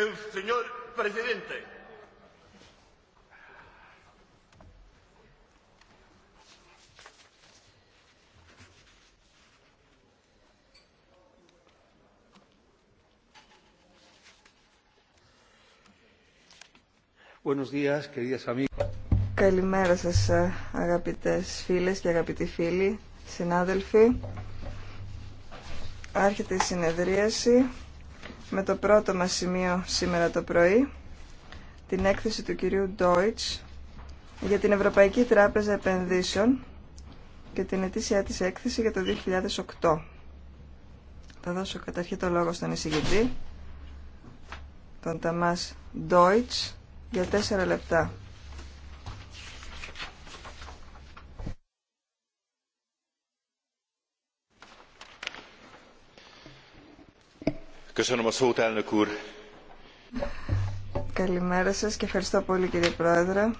el señor presidente. Buenos días, queridas amigas. Καλημέρα σας ε, αγαπητές φίλες και αγαπητοί φίλοι, συνάδελφοι. Άρχεται η συνεδρίαση με το πρώτο μας σημείο σήμερα το πρωί, την έκθεση του κυρίου Deutsch για την Ευρωπαϊκή Τράπεζα Επενδύσεων και την ετήσια της έκθεση για το 2008. Θα δώσω καταρχήν το λόγο στον εισηγητή, τον Ταμάς Deutsch, για τέσσερα λεπτά. Καλημέρα σας και ευχαριστώ πολύ κύριε Πρόεδρε.